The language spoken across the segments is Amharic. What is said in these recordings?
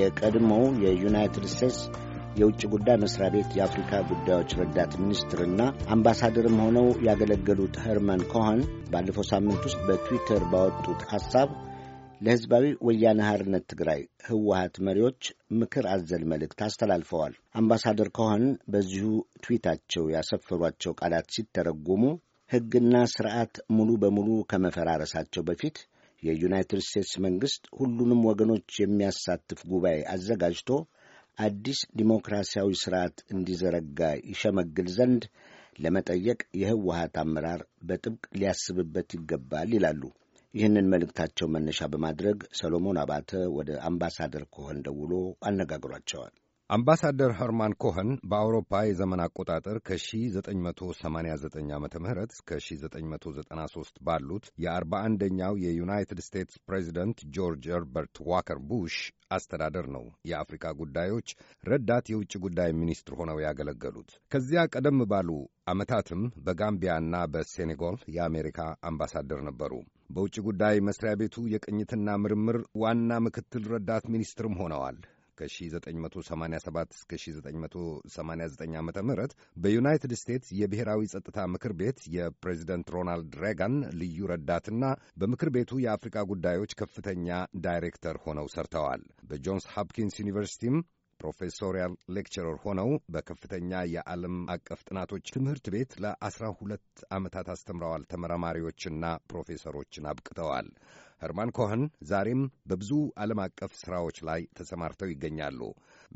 የቀድሞው የዩናይትድ ስቴትስ የውጭ ጉዳይ መስሪያ ቤት የአፍሪካ ጉዳዮች ረዳት ሚኒስትርና አምባሳደርም ሆነው ያገለገሉት ሄርመን ኮኸን ባለፈው ሳምንት ውስጥ በትዊተር ባወጡት ሐሳብ ለሕዝባዊ ወያነ ሀርነት ትግራይ ህወሀት መሪዎች ምክር አዘል መልእክት አስተላልፈዋል። አምባሳደር ኮኸን በዚሁ ትዊታቸው ያሰፈሯቸው ቃላት ሲተረጎሙ ሕግና ሥርዓት ሙሉ በሙሉ ከመፈራረሳቸው በፊት የዩናይትድ ስቴትስ መንግሥት ሁሉንም ወገኖች የሚያሳትፍ ጉባኤ አዘጋጅቶ አዲስ ዲሞክራሲያዊ ሥርዓት እንዲዘረጋ ይሸመግል ዘንድ ለመጠየቅ የህወሀት አመራር በጥብቅ ሊያስብበት ይገባል ይላሉ። ይህንን መልእክታቸው መነሻ በማድረግ ሰሎሞን አባተ ወደ አምባሳደር ኮሆን ደውሎ አነጋግሯቸዋል። አምባሳደር ኸርማን ኮኸን በአውሮፓ የዘመን አቆጣጠር ከ1989 ዓ ም እስከ 1993 ባሉት የ41ኛው የዩናይትድ ስቴትስ ፕሬዚደንት ጆርጅ ኸርበርት ዋከር ቡሽ አስተዳደር ነው የአፍሪካ ጉዳዮች ረዳት የውጭ ጉዳይ ሚኒስትር ሆነው ያገለገሉት። ከዚያ ቀደም ባሉ ዓመታትም በጋምቢያና በሴኔጋል የአሜሪካ አምባሳደር ነበሩ። በውጭ ጉዳይ መስሪያ ቤቱ የቅኝትና ምርምር ዋና ምክትል ረዳት ሚኒስትርም ሆነዋል። ከ1987 እስከ 1989 ዓ ም በዩናይትድ ስቴትስ የብሔራዊ ጸጥታ ምክር ቤት የፕሬዚደንት ሮናልድ ሬጋን ልዩ ረዳትና በምክር ቤቱ የአፍሪካ ጉዳዮች ከፍተኛ ዳይሬክተር ሆነው ሰርተዋል። በጆንስ ሆፕኪንስ ዩኒቨርሲቲም ፕሮፌሶሪያል ሌክቸረር ሆነው በከፍተኛ የዓለም አቀፍ ጥናቶች ትምህርት ቤት ለአስራ ሁለት ዓመታት አስተምረዋል። ተመራማሪዎችና ፕሮፌሰሮችን አብቅተዋል። ሄርማን ኮኸን ዛሬም በብዙ ዓለም አቀፍ ሥራዎች ላይ ተሰማርተው ይገኛሉ።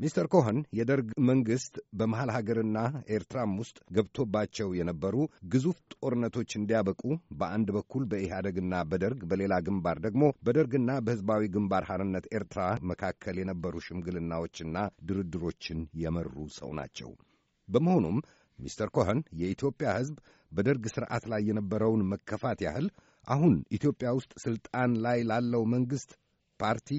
ሚስተር ኮኸን የደርግ መንግሥት በመሐል ሀገርና ኤርትራም ውስጥ ገብቶባቸው የነበሩ ግዙፍ ጦርነቶች እንዲያበቁ በአንድ በኩል በኢህአደግና በደርግ በሌላ ግንባር ደግሞ በደርግና በሕዝባዊ ግንባር ሐርነት ኤርትራ መካከል የነበሩ ሽምግልናዎችና ድርድሮችን የመሩ ሰው ናቸው። በመሆኑም ሚስተር ኮኸን የኢትዮጵያ ሕዝብ በደርግ ሥርዓት ላይ የነበረውን መከፋት ያህል አሁን ኢትዮጵያ ውስጥ ሥልጣን ላይ ላለው መንግሥት ፓርቲ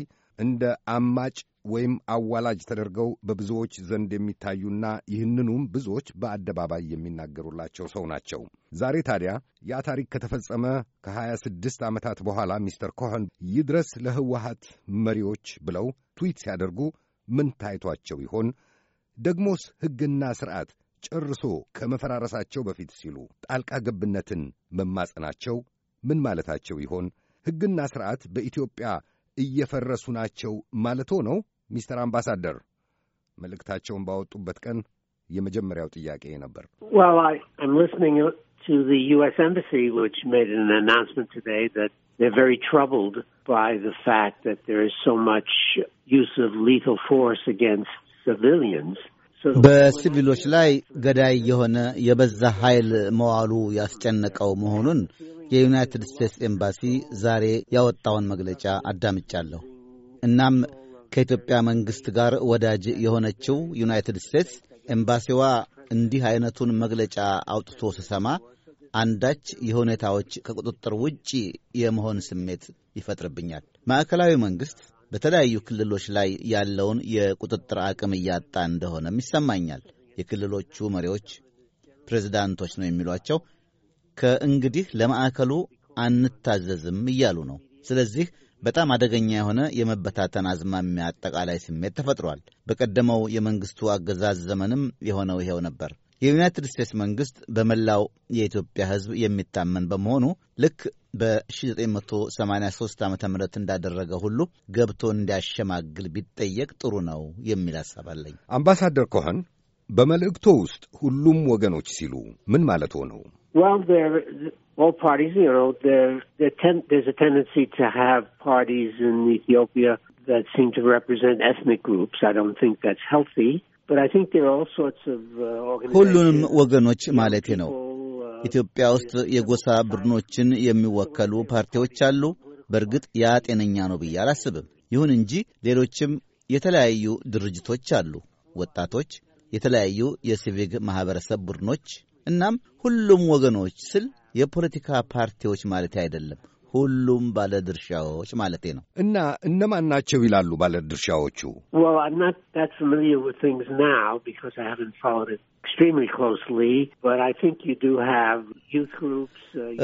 እንደ አማጭ ወይም አዋላጅ ተደርገው በብዙዎች ዘንድ የሚታዩና ይህንኑም ብዙዎች በአደባባይ የሚናገሩላቸው ሰው ናቸው። ዛሬ ታዲያ ያ ታሪክ ከተፈጸመ ከ26 ዓመታት በኋላ ሚስተር ኮኸን ይድረስ ለህወሀት መሪዎች ብለው ትዊት ሲያደርጉ ምን ታይቷቸው ይሆን? ደግሞስ ሕግና ሥርዓት ጨርሶ ከመፈራረሳቸው በፊት ሲሉ ጣልቃ ገብነትን መማጸናቸው ምን ማለታቸው ይሆን? ሕግና ሥርዓት በኢትዮጵያ እየፈረሱ ናቸው ማለቶ ነው? ሚስተር አምባሳደር መልእክታቸውን ባወጡበት ቀን የመጀመሪያው ጥያቄ ነበር። ዩስ ሊታል ፎርስ አጋንስት በሲቪሎች ላይ ገዳይ የሆነ የበዛ ኃይል መዋሉ ያስጨነቀው መሆኑን የዩናይትድ ስቴትስ ኤምባሲ ዛሬ ያወጣውን መግለጫ አዳምጫለሁ። እናም ከኢትዮጵያ መንግሥት ጋር ወዳጅ የሆነችው ዩናይትድ ስቴትስ ኤምባሲዋ እንዲህ አይነቱን መግለጫ አውጥቶ ስሰማ አንዳች የሁኔታዎች ከቁጥጥር ውጪ የመሆን ስሜት ይፈጥርብኛል። ማዕከላዊ መንግሥት በተለያዩ ክልሎች ላይ ያለውን የቁጥጥር አቅም እያጣ እንደሆነም ይሰማኛል። የክልሎቹ መሪዎች ፕሬዝዳንቶች ነው የሚሏቸው ከእንግዲህ ለማዕከሉ አንታዘዝም እያሉ ነው። ስለዚህ በጣም አደገኛ የሆነ የመበታተን አዝማሚያ አጠቃላይ ስሜት ተፈጥሯል። በቀደመው የመንግሥቱ አገዛዝ ዘመንም የሆነው ይኸው ነበር። የዩናይትድ ስቴትስ መንግሥት በመላው የኢትዮጵያ ሕዝብ የሚታመን በመሆኑ ልክ በ1983 ዓ ም እንዳደረገ ሁሉ ገብቶ እንዲያሸማግል ቢጠየቅ ጥሩ ነው የሚል ሐሳብ አለኝ። አምባሳደር ኮኸን በመልእክቶ ውስጥ ሁሉም ወገኖች ሲሉ ምን ማለት ሆነው? ፓርቲስ ኢትዮጵያ Uh, ሁሉንም ወገኖች ማለቴ ነው። uh, ኢትዮጵያ ውስጥ የጎሳ ቡድኖችን የሚወከሉ ፓርቲዎች አሉ። በእርግጥ ያ ጤነኛ ነው ብዬ አላስብም። ይሁን እንጂ ሌሎችም የተለያዩ ድርጅቶች አሉ፣ ወጣቶች፣ የተለያዩ የሲቪክ ማኅበረሰብ ቡድኖች። እናም ሁሉም ወገኖች ስል የፖለቲካ ፓርቲዎች ማለት አይደለም። ሁሉም ባለድርሻዎች ማለቴ ነው። እና እነማን ናቸው ይላሉ ባለድርሻዎቹ? Uh,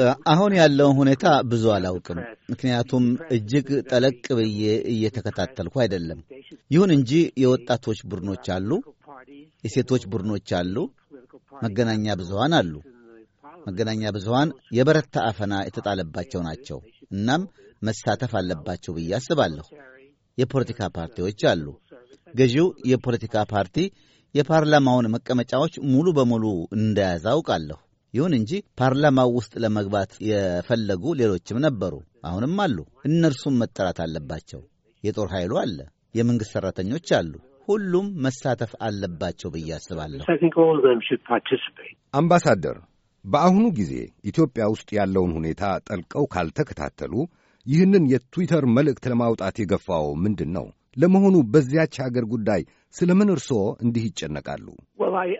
uh, አሁን ያለውን uh, ሁኔታ ብዙ አላውቅም፣ ምክንያቱም እጅግ ጠለቅ ብዬ እየተከታተልኩ አይደለም። ይሁን እንጂ የወጣቶች ቡድኖች አሉ፣ የሴቶች ቡድኖች አሉ፣ መገናኛ ብዙሃን አሉ። መገናኛ ብዙሃን የበረታ አፈና የተጣለባቸው ናቸው። እናም መሳተፍ አለባቸው ብዬ አስባለሁ። የፖለቲካ ፓርቲዎች አሉ። ገዢው የፖለቲካ ፓርቲ የፓርላማውን መቀመጫዎች ሙሉ በሙሉ እንደያዘ አውቃለሁ። ይሁን እንጂ ፓርላማው ውስጥ ለመግባት የፈለጉ ሌሎችም ነበሩ፣ አሁንም አሉ። እነርሱም መጠራት አለባቸው። የጦር ኃይሉ አለ፣ የመንግሥት ሠራተኞች አሉ። ሁሉም መሳተፍ አለባቸው ብዬ አስባለሁ። አምባሳደር በአሁኑ ጊዜ ኢትዮጵያ ውስጥ ያለውን ሁኔታ ጠልቀው ካልተከታተሉ ይህንን የትዊተር መልእክት ለማውጣት የገፋው ምንድን ነው? ለመሆኑ በዚያች አገር ጉዳይ ስለ ምን እርስዎ እንዲህ ይጨነቃሉ? Uh,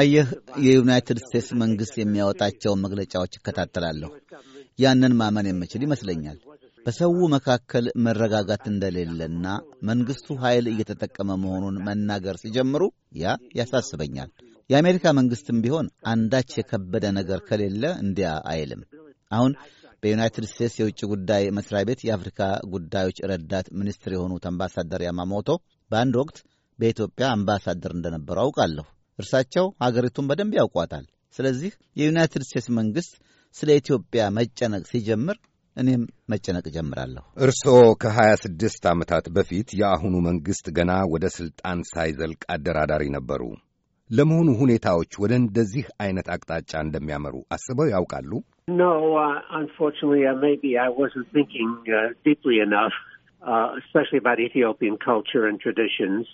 አየህ፣ የዩናይትድ ስቴትስ መንግሥት የሚያወጣቸውን መግለጫዎች እከታተላለሁ። ያንን ማመን የምችል ይመስለኛል። በሰው መካከል መረጋጋት እንደሌለና መንግሥቱ ኃይል እየተጠቀመ መሆኑን መናገር ሲጀምሩ ያ ያሳስበኛል። የአሜሪካ መንግሥትም ቢሆን አንዳች የከበደ ነገር ከሌለ እንዲያ አይልም። አሁን በዩናይትድ ስቴትስ የውጭ ጉዳይ መስሪያ ቤት የአፍሪካ ጉዳዮች ረዳት ሚኒስትር የሆኑት አምባሳደር ያማሞቶ በአንድ ወቅት በኢትዮጵያ አምባሳደር እንደነበሩ አውቃለሁ። እርሳቸው አገሪቱን በደንብ ያውቋታል። ስለዚህ የዩናይትድ ስቴትስ መንግሥት ስለ ኢትዮጵያ መጨነቅ ሲጀምር እኔም መጨነቅ ጀምራለሁ። እርስዎ ከ26 ዓመታት በፊት የአሁኑ መንግሥት ገና ወደ ሥልጣን ሳይዘልቅ አደራዳሪ ነበሩ። ለመሆኑ ሁኔታዎች ወደ እንደዚህ አይነት አቅጣጫ እንደሚያመሩ አስበው ያውቃሉ? Uh, uh,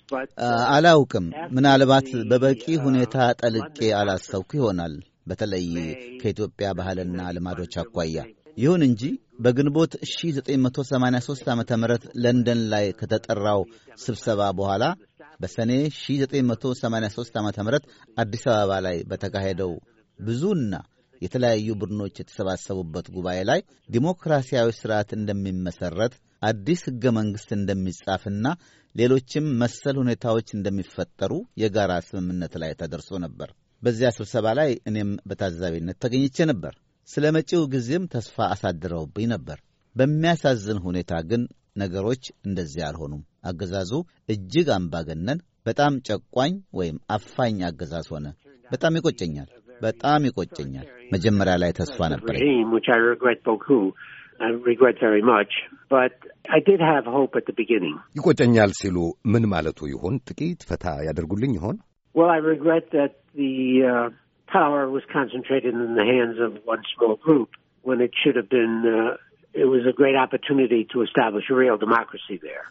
uh, አላውቅም። ምናልባት በበቂ ሁኔታ ጠልቄ አላሰብኩ ይሆናል። በተለይ ከኢትዮጵያ ባህልና ልማዶች አኳያ ይሁን እንጂ በግንቦት 1983 ዓ ም ለንደን ላይ ከተጠራው ስብሰባ በኋላ በሰኔ 1983 ዓ ም አዲስ አበባ ላይ በተካሄደው ብዙና የተለያዩ ቡድኖች የተሰባሰቡበት ጉባኤ ላይ ዲሞክራሲያዊ ሥርዓት እንደሚመሠረት አዲስ ሕገ መንግሥት እንደሚጻፍና ሌሎችም መሰል ሁኔታዎች እንደሚፈጠሩ የጋራ ስምምነት ላይ ተደርሶ ነበር። በዚያ ስብሰባ ላይ እኔም በታዛቢነት ተገኝቼ ነበር። ስለ መጪው ጊዜም ተስፋ አሳድረውብኝ ነበር። በሚያሳዝን ሁኔታ ግን ነገሮች እንደዚህ አልሆኑም። አገዛዙ እጅግ አምባገነን፣ በጣም ጨቋኝ ወይም አፋኝ አገዛዝ ሆነ። በጣም ይቆጨኛል፣ በጣም ይቆጨኛል። መጀመሪያ ላይ ተስፋ ነበር። ይቆጨኛል ሲሉ ምን ማለቱ ይሆን? ጥቂት ፈታ ያደርጉልኝ ይሆን? power was concentrated in the hands of one small group when it should have been, uh, it was a great opportunity to establish a real democracy there.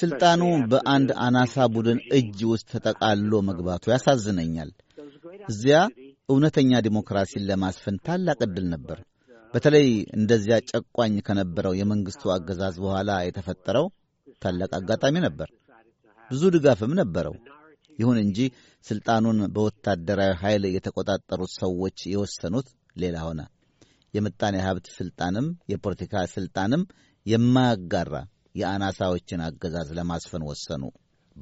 ስልጣኑ በአንድ አናሳ ቡድን እጅ ውስጥ ተጠቃሎ መግባቱ ያሳዝነኛል። እዚያ እውነተኛ ዲሞክራሲን ለማስፈን ታላቅ ዕድል ነበር። በተለይ እንደዚያ ጨቋኝ ከነበረው የመንግሥቱ አገዛዝ በኋላ የተፈጠረው ታላቅ አጋጣሚ ነበር። ብዙ ድጋፍም ነበረው። ይሁን እንጂ ስልጣኑን በወታደራዊ ኃይል የተቆጣጠሩት ሰዎች የወሰኑት ሌላ ሆነ። የምጣኔ ሀብት ስልጣንም የፖለቲካ ስልጣንም የማያጋራ የአናሳዎችን አገዛዝ ለማስፈን ወሰኑ።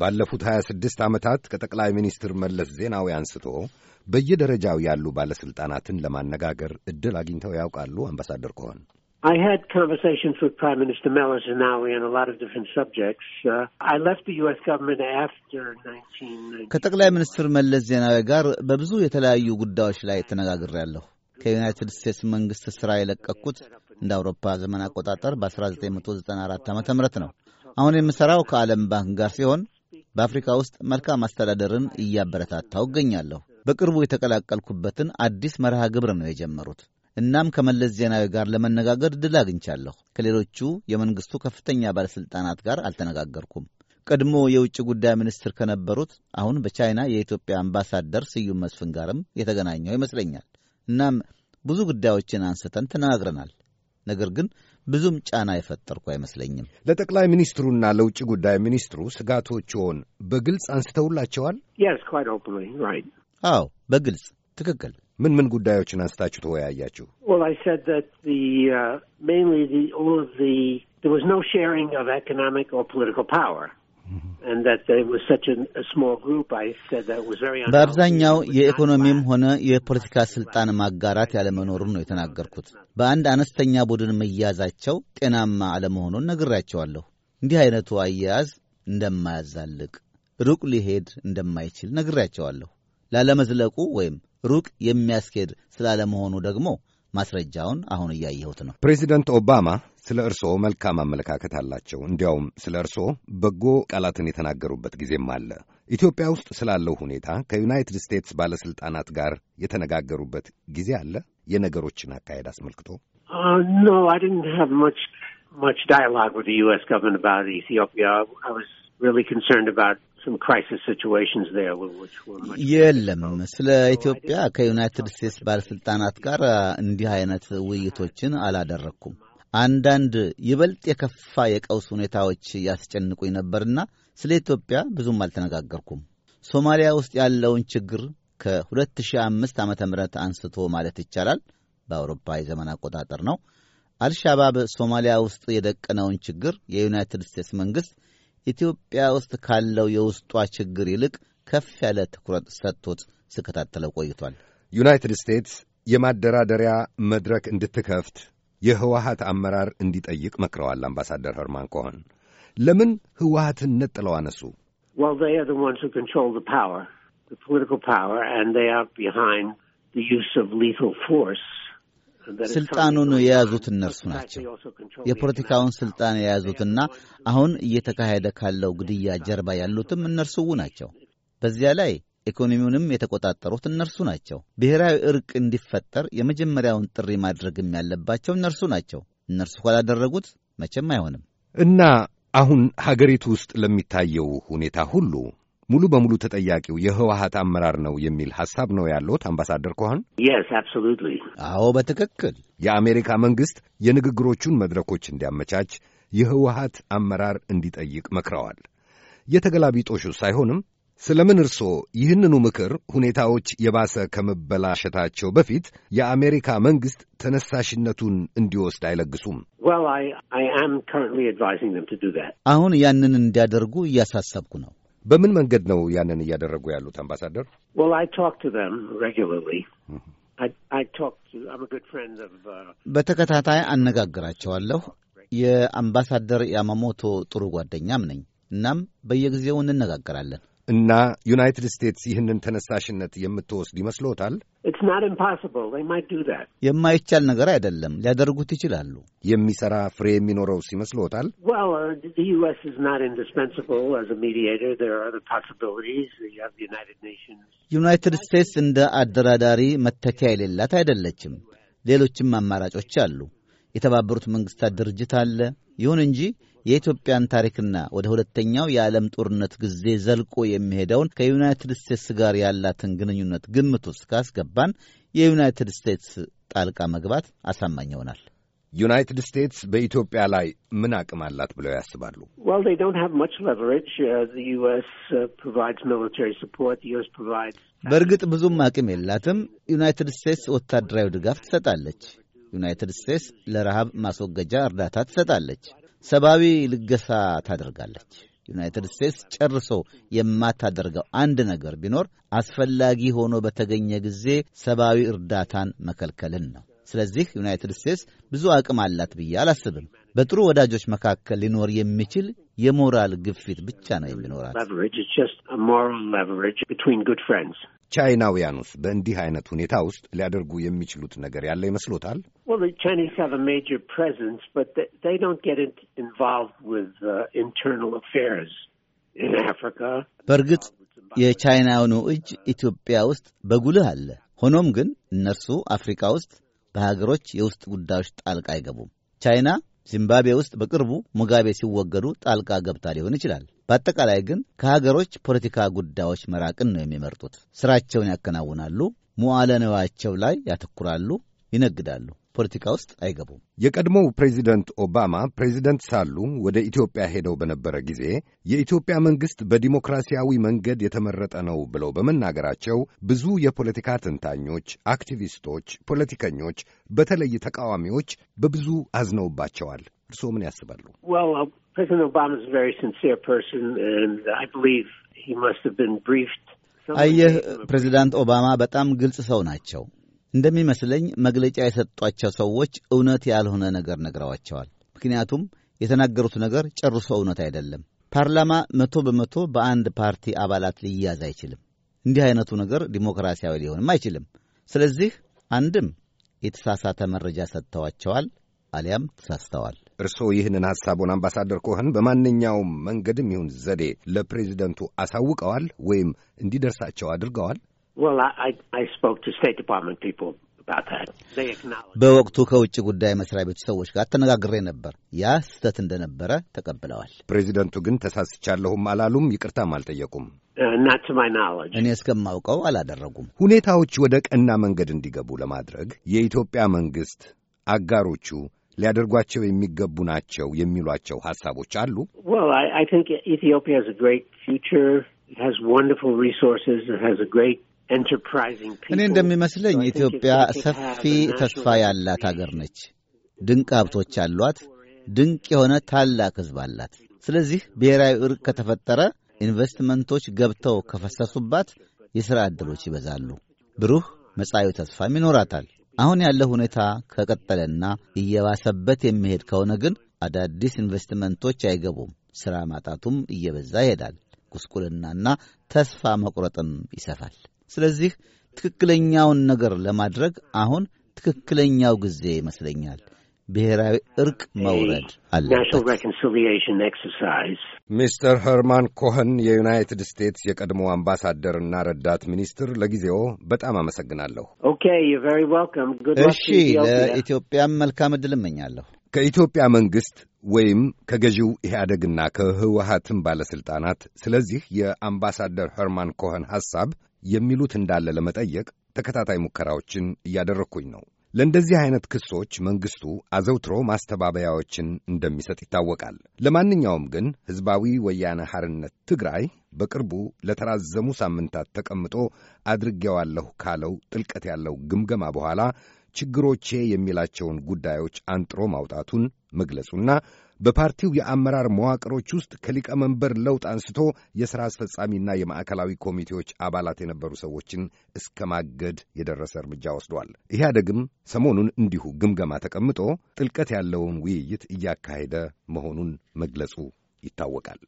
ባለፉት 26 ዓመታት ከጠቅላይ ሚኒስትር መለስ ዜናዊ አንስቶ በየደረጃው ያሉ ባለሥልጣናትን ለማነጋገር ዕድል አግኝተው ያውቃሉ? አምባሳደር ከሆን I had conversations with Prime Minister Melazenawi on a lot of different subjects. Uh, I left the U.S. government after 1990. ከጠቅላይ ሚኒስትር መለስ ዜናዊ ጋር በብዙ የተለያዩ ጉዳዮች ላይ ተነጋግሬያለሁ። ከዩናይትድ ስቴትስ መንግስት ስራ የለቀቅኩት እንደ አውሮፓ ዘመን አቆጣጠር በ1994 ዓ ም ነው። አሁን የምሠራው ከዓለም ባንክ ጋር ሲሆን በአፍሪካ ውስጥ መልካም አስተዳደርን እያበረታታው እገኛለሁ። በቅርቡ የተቀላቀልኩበትን አዲስ መርሃ ግብር ነው የጀመሩት። እናም ከመለስ ዜናዊ ጋር ለመነጋገር ድል አግኝቻለሁ። ከሌሎቹ የመንግስቱ ከፍተኛ ባለሥልጣናት ጋር አልተነጋገርኩም። ቀድሞ የውጭ ጉዳይ ሚኒስትር ከነበሩት አሁን በቻይና የኢትዮጵያ አምባሳደር ስዩም መስፍን ጋርም የተገናኘው ይመስለኛል። እናም ብዙ ጉዳዮችን አንስተን ተነጋግረናል። ነገር ግን ብዙም ጫና የፈጠርኩ አይመስለኝም። ለጠቅላይ ሚኒስትሩና ለውጭ ጉዳይ ሚኒስትሩ ስጋቶችዎን በግልጽ አንስተውላቸዋል? አዎ፣ በግልጽ ትክክል። ምን ምን ጉዳዮችን አንስታችሁ ተወያያችሁ? Uh, mm-hmm. በአብዛኛው የኢኮኖሚም ሆነ የፖለቲካ ስልጣን ማጋራት ያለመኖሩን ነው የተናገርኩት። በአንድ አነስተኛ ቡድን መያዛቸው ጤናማ አለመሆኑን ነግራቸዋለሁ። እንዲህ አይነቱ አያያዝ እንደማያዛልቅ ሩቅ ሊሄድ እንደማይችል ነግሬያቸዋለሁ። ላለመዝለቁ ወይም ሩቅ የሚያስኬድ ስላለመሆኑ ደግሞ ማስረጃውን አሁን እያየሁት ነው። ፕሬዚደንት ኦባማ ስለ እርስዎ መልካም አመለካከት አላቸው። እንዲያውም ስለ እርስዎ በጎ ቃላትን የተናገሩበት ጊዜም አለ። ኢትዮጵያ ውስጥ ስላለው ሁኔታ ከዩናይትድ ስቴትስ ባለስልጣናት ጋር የተነጋገሩበት ጊዜ አለ? የነገሮችን አካሄድ አስመልክቶ uh, የለም። ስለ ኢትዮጵያ ከዩናይትድ ስቴትስ ባለሥልጣናት ጋር እንዲህ አይነት ውይይቶችን አላደረግኩም። አንዳንድ ይበልጥ የከፋ የቀውስ ሁኔታዎች ያስጨንቁኝ ነበርና ስለ ኢትዮጵያ ብዙም አልተነጋገርኩም። ሶማሊያ ውስጥ ያለውን ችግር ከ2005 ዓ ም አንስቶ ማለት ይቻላል በአውሮፓ የዘመን አቆጣጠር ነው። አልሻባብ ሶማሊያ ውስጥ የደቀነውን ችግር የዩናይትድ ስቴትስ መንግሥት ኢትዮጵያ ውስጥ ካለው የውስጧ ችግር ይልቅ ከፍ ያለ ትኩረት ሰጥቶት ስከታተለው ቆይቷል። ዩናይትድ ስቴትስ የማደራደሪያ መድረክ እንድትከፍት የህወሀት አመራር እንዲጠይቅ መክረዋል። አምባሳደር ኸርማን ኮሆን ለምን ህወሀትን ነጥለው አነሱ? ፖለቲካል ፓወር ስልጣኑን የያዙት እነርሱ ናቸው። የፖለቲካውን ስልጣን የያዙትና አሁን እየተካሄደ ካለው ግድያ ጀርባ ያሉትም እነርሱው ናቸው። በዚያ ላይ ኢኮኖሚውንም የተቆጣጠሩት እነርሱ ናቸው። ብሔራዊ እርቅ እንዲፈጠር የመጀመሪያውን ጥሪ ማድረግም ያለባቸው እነርሱ ናቸው። እነርሱ ካላደረጉት መቼም አይሆንም እና አሁን ሀገሪቱ ውስጥ ለሚታየው ሁኔታ ሁሉ ሙሉ በሙሉ ተጠያቂው የህወሀት አመራር ነው የሚል ሀሳብ ነው ያለሁት አምባሳደር ከሆን? አዎ በትክክል የአሜሪካ መንግሥት የንግግሮቹን መድረኮች እንዲያመቻች የህወሀት አመራር እንዲጠይቅ መክረዋል። የተገላቢጦሹ ሳይሆንም ስለምን እርስዎ ይህንኑ ምክር ሁኔታዎች የባሰ ከመበላሸታቸው በፊት የአሜሪካ መንግሥት ተነሳሽነቱን እንዲወስድ አይለግሱም? አሁን ያንን እንዲያደርጉ እያሳሰብኩ ነው። በምን መንገድ ነው ያንን እያደረጉ ያሉት አምባሳደር? Uh, በተከታታይ አነጋግራቸዋለሁ። የአምባሳደር ያማሞቶ ጥሩ ጓደኛም ነኝ። እናም በየጊዜው እንነጋገራለን። እና ዩናይትድ ስቴትስ ይህንን ተነሳሽነት የምትወስድ ይመስሎታል? የማይቻል ነገር አይደለም። ሊያደርጉት ይችላሉ። የሚሰራ ፍሬ የሚኖረውስ ሲመስሎታል? Uh, ዩናይትድ ስቴትስ እንደ አደራዳሪ መተኪያ የሌላት አይደለችም። ሌሎችም አማራጮች አሉ። የተባበሩት መንግስታት ድርጅት አለ። ይሁን እንጂ የኢትዮጵያን ታሪክና ወደ ሁለተኛው የዓለም ጦርነት ጊዜ ዘልቆ የሚሄደውን ከዩናይትድ ስቴትስ ጋር ያላትን ግንኙነት ግምት ውስጥ ካስገባን የዩናይትድ ስቴትስ ጣልቃ መግባት አሳማኝ ይሆናል። ዩናይትድ ስቴትስ በኢትዮጵያ ላይ ምን አቅም አላት ብለው ያስባሉ? Uh, uh, በእርግጥ ብዙም አቅም የላትም። ዩናይትድ ስቴትስ ወታደራዊ ድጋፍ ትሰጣለች። ዩናይትድ ስቴትስ ለረሃብ ማስወገጃ እርዳታ ትሰጣለች። ሰብአዊ ልገሳ ታደርጋለች። ዩናይትድ ስቴትስ ጨርሶ የማታደርገው አንድ ነገር ቢኖር አስፈላጊ ሆኖ በተገኘ ጊዜ ሰብአዊ እርዳታን መከልከልን ነው። ስለዚህ ዩናይትድ ስቴትስ ብዙ አቅም አላት ብዬ አላስብም። በጥሩ ወዳጆች መካከል ሊኖር የሚችል የሞራል ግፊት ብቻ ነው የሚኖራት። ቻይናውያኑስ በእንዲህ አይነት ሁኔታ ውስጥ ሊያደርጉ የሚችሉት ነገር ያለ ይመስሎታል? Uh, በእርግጥ የቻይናውኑ እጅ ኢትዮጵያ ውስጥ በጉልህ አለ። ሆኖም ግን እነርሱ አፍሪካ ውስጥ በሀገሮች የውስጥ ጉዳዮች ጣልቃ አይገቡም። ቻይና ዚምባብዌ ውስጥ በቅርቡ ሙጋቤ ሲወገዱ ጣልቃ ገብታ ሊሆን ይችላል። በአጠቃላይ ግን ከሀገሮች ፖለቲካ ጉዳዮች መራቅን ነው የሚመርጡት። ስራቸውን ያከናውናሉ፣ መዋለ ንዋያቸው ላይ ያተኩራሉ፣ ይነግዳሉ፣ ፖለቲካ ውስጥ አይገቡም። የቀድሞው ፕሬዚደንት ኦባማ ፕሬዚደንት ሳሉ ወደ ኢትዮጵያ ሄደው በነበረ ጊዜ የኢትዮጵያ መንግሥት በዲሞክራሲያዊ መንገድ የተመረጠ ነው ብለው በመናገራቸው ብዙ የፖለቲካ ተንታኞች፣ አክቲቪስቶች፣ ፖለቲከኞች፣ በተለይ ተቃዋሚዎች በብዙ አዝነውባቸዋል። እርስዎ ምን ያስባሉ? አየህ፣ ፕሬዚዳንት ኦባማ በጣም ግልጽ ሰው ናቸው። እንደሚመስለኝ መግለጫ የሰጧቸው ሰዎች እውነት ያልሆነ ነገር ነግረዋቸዋል። ምክንያቱም የተናገሩት ነገር ጨርሶ እውነት አይደለም። ፓርላማ መቶ በመቶ በአንድ ፓርቲ አባላት ሊያዝ አይችልም። እንዲህ አይነቱ ነገር ዲሞክራሲያዊ ሊሆንም አይችልም። ስለዚህ አንድም የተሳሳተ መረጃ ሰጥተዋቸዋል፣ አሊያም ተሳስተዋል። እርስዎ ይህንን ሐሳቡን አምባሳደር ኮህን በማንኛውም መንገድም ይሁን ዘዴ ለፕሬዚደንቱ አሳውቀዋል ወይም እንዲደርሳቸው አድርገዋል? በወቅቱ ከውጭ ጉዳይ መስሪያ ቤቱ ሰዎች ጋር ተነጋግሬ ነበር። ያ ስህተት እንደነበረ ተቀብለዋል። ፕሬዚደንቱ ግን ተሳስቻለሁም አላሉም፣ ይቅርታም አልጠየቁም። uh, እኔ እስከማውቀው አላደረጉም። ሁኔታዎች ወደ ቀና መንገድ እንዲገቡ ለማድረግ የኢትዮጵያ መንግሥት አጋሮቹ ሊያደርጓቸው የሚገቡ ናቸው የሚሏቸው ሀሳቦች አሉ። እኔ እንደሚመስለኝ ኢትዮጵያ ሰፊ ተስፋ ያላት አገር ነች። ድንቅ ሀብቶች አሏት። ድንቅ የሆነ ታላቅ ሕዝብ አላት። ስለዚህ ብሔራዊ እርቅ ከተፈጠረ፣ ኢንቨስትመንቶች ገብተው ከፈሰሱባት፣ የሥራ ዕድሎች ይበዛሉ። ብሩህ መጻዩ ተስፋም ይኖራታል። አሁን ያለው ሁኔታ ከቀጠለና እየባሰበት የሚሄድ ከሆነ ግን አዳዲስ ኢንቨስትመንቶች አይገቡም። ሥራ ማጣቱም እየበዛ ይሄዳል። ጉስቁልናና ተስፋ መቁረጥም ይሰፋል። ስለዚህ ትክክለኛውን ነገር ለማድረግ አሁን ትክክለኛው ጊዜ ይመስለኛል። ብሔራዊ እርቅ መውረድ አለበት። ሚስተር ኸርማን ኮኸን የዩናይትድ ስቴትስ የቀድሞ አምባሳደርና ረዳት ሚኒስትር፣ ለጊዜው በጣም አመሰግናለሁ። እሺ፣ ለኢትዮጵያም መልካም ዕድል እመኛለሁ። ከኢትዮጵያ መንግሥት ወይም ከገዢው ኢህአደግና ከህወሀትም ባለሥልጣናት ስለዚህ የአምባሳደር ኸርማን ኮኸን ሐሳብ የሚሉት እንዳለ ለመጠየቅ ተከታታይ ሙከራዎችን እያደረግኩኝ ነው። ለእንደዚህ አይነት ክሶች መንግሥቱ አዘውትሮ ማስተባበያዎችን እንደሚሰጥ ይታወቃል። ለማንኛውም ግን ሕዝባዊ ወያነ ሐርነት ትግራይ በቅርቡ ለተራዘሙ ሳምንታት ተቀምጦ አድርጌዋለሁ ካለው ጥልቀት ያለው ግምገማ በኋላ ችግሮቼ የሚላቸውን ጉዳዮች አንጥሮ ማውጣቱን መግለጹና በፓርቲው የአመራር መዋቅሮች ውስጥ ከሊቀመንበር ለውጥ አንስቶ የሥራ አስፈጻሚና የማዕከላዊ ኮሚቴዎች አባላት የነበሩ ሰዎችን እስከ ማገድ የደረሰ እርምጃ ወስዷል። ኢህአደግም ሰሞኑን እንዲሁ ግምገማ ተቀምጦ ጥልቀት ያለውን ውይይት እያካሄደ መሆኑን መግለጹ ይታወቃል።